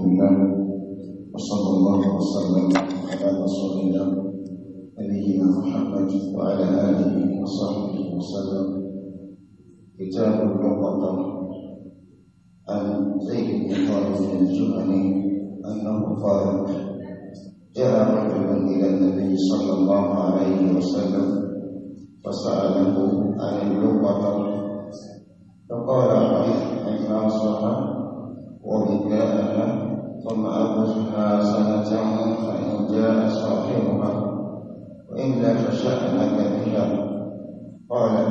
الحمد وصلى الله وسلم على رسولنا نبينا محمد وعلى اله وصحبه وسلم كتاب الموقظه عن زيد بن خالد الجهني انه قال جاء رجل الى النبي صلى الله عليه وسلم فساله عن اللقطه فقال ان عباصها وبكاءها ثم أنفسها سنة فإن جاء صاحبها وإلا فشأنك بها قال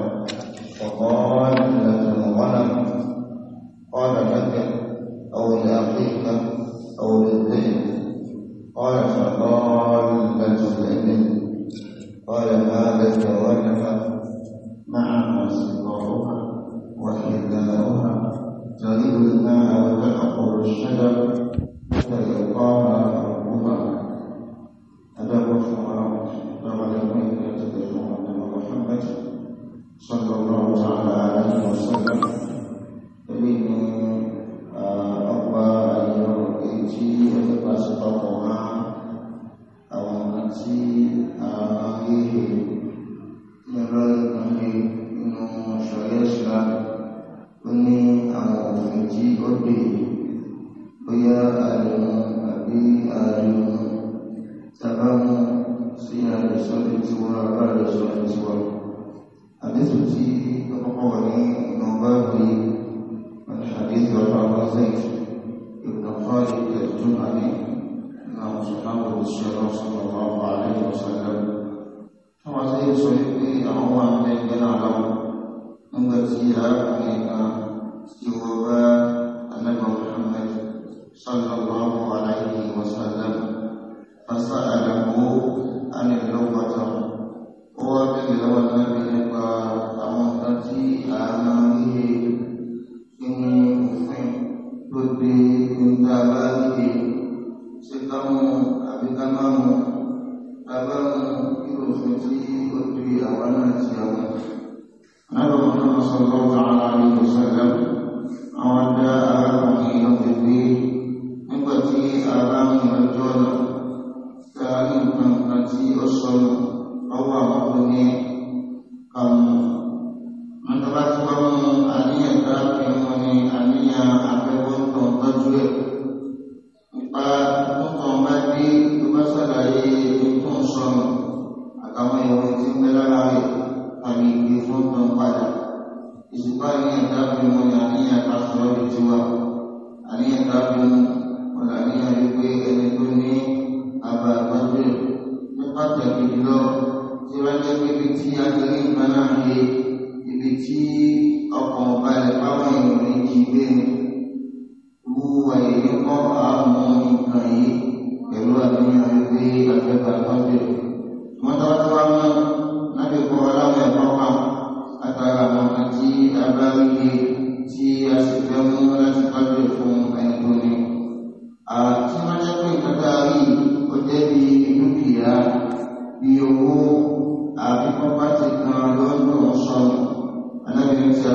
சொல்லி அவமானத்தை இருந்தாலும் உங்கள் சீராக அங்கே நான் tí agbèrè ìgbà náà lé ibi tí ọkọ̀ balẹ̀ báwọn èèyàn ní jí gbé ni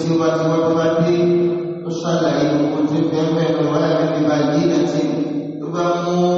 tí ó bá ti wọ́n tó bá dé ó ṣàlàyé ohun tí bẹ́ẹ̀ bẹ́ẹ̀ lọ́wọ́ láti lè bá àti tó bá mú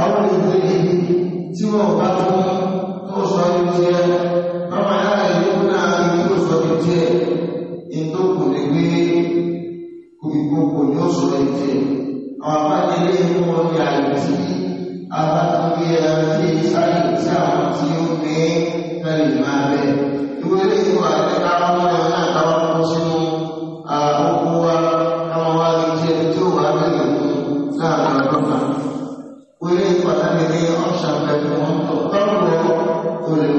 àwọn ìwé yìí tí wọ́n bá tó tó sọ ní tiẹ̀ bàbá yára ìlú náà ní tó sọ ní tiẹ̀ ètò kò lè gbé kòkòkò kò ní ó sọ ní tiẹ̀ àwọn abájẹlé inú wọn ní àìsí abájẹlé ẹran tí sáyé tí àwọn tí ó gbé fẹ́lẹ̀ máa bẹ̀ ìwé lè wà ní káwọn ọmọ náà káwọn kó sínú àkókò wa káwọn wá ní tiẹ̀ tí ó wà lẹ́yìn náà sampai tan motor el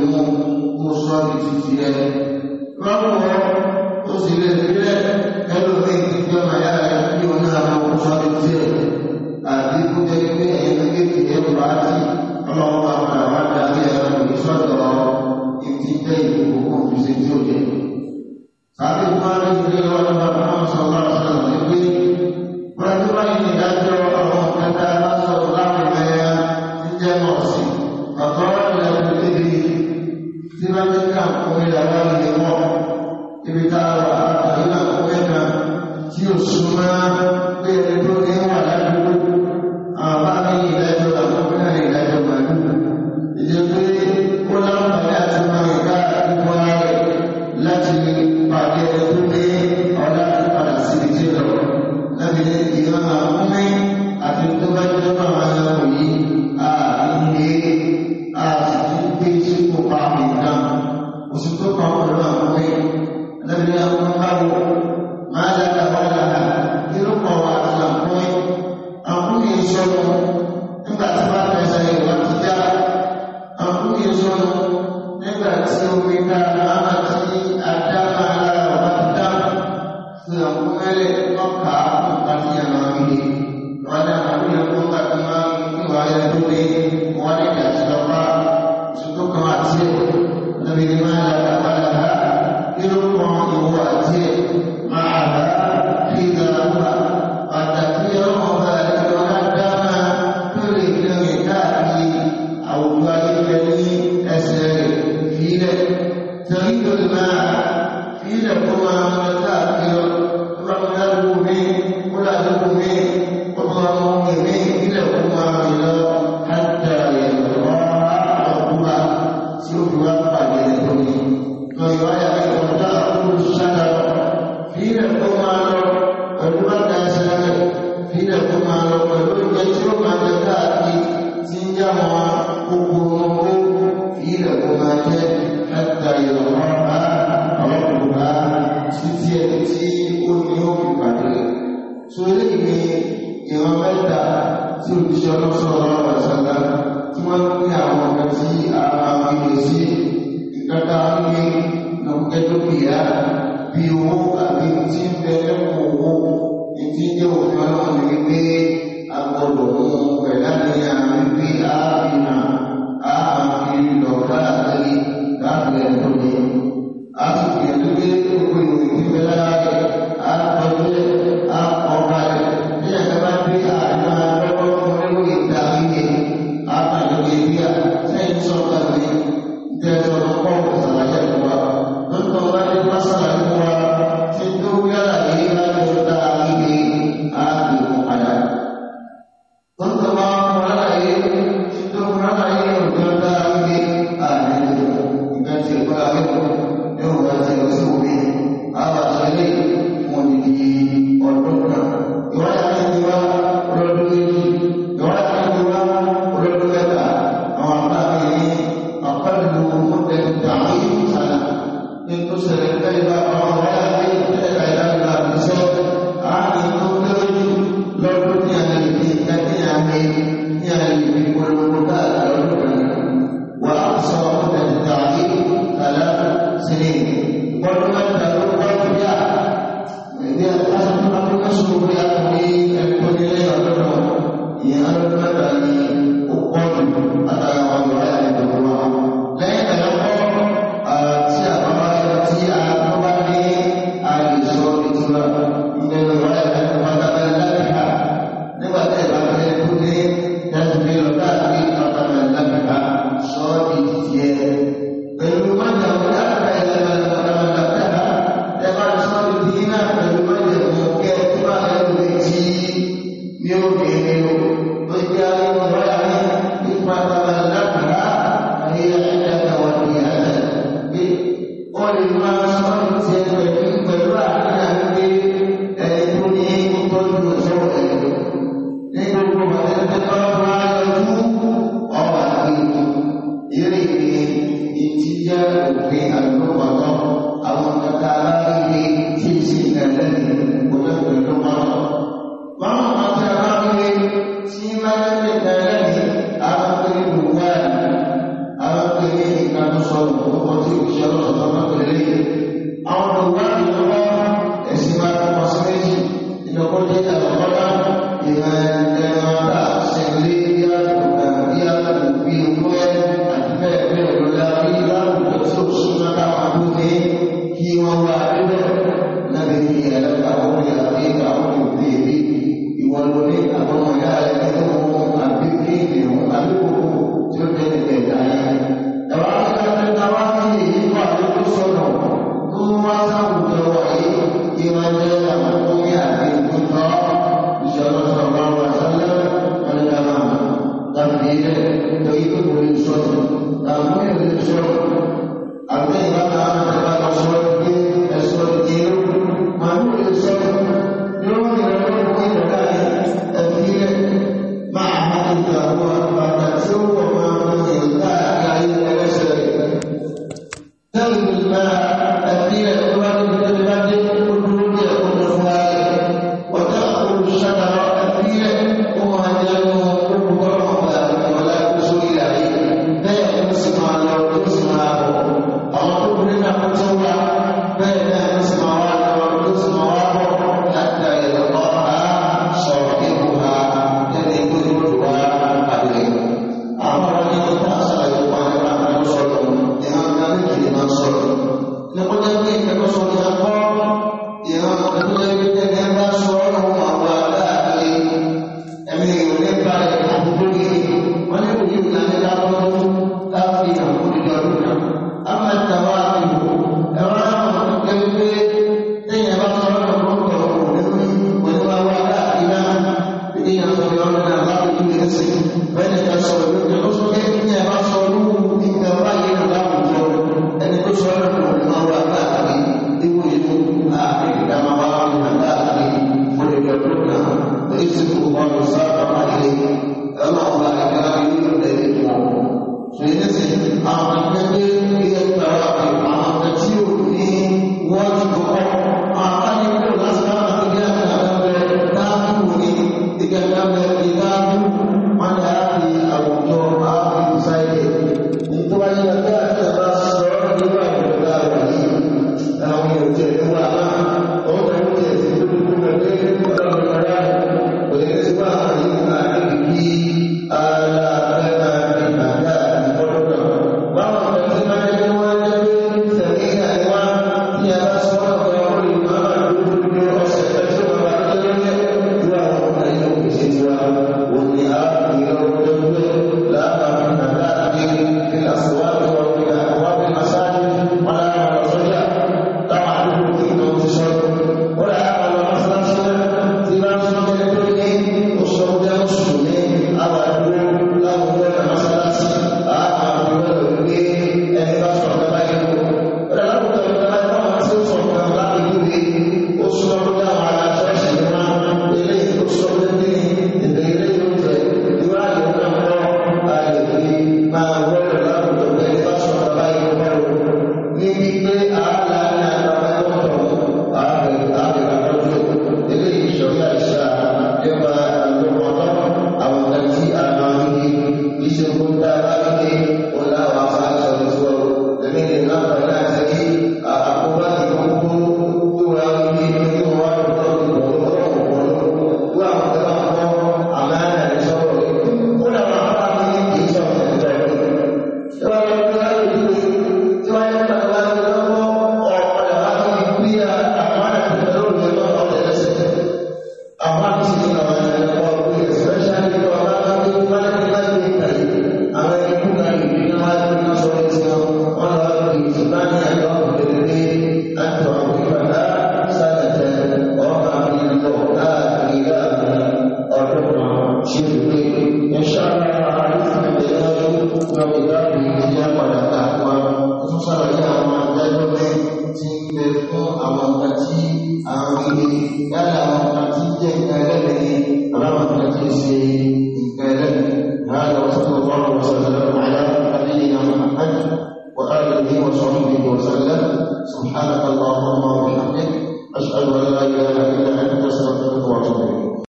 കർത്താവിനെയും നമുക്ക് തുല്യ വിയോഗ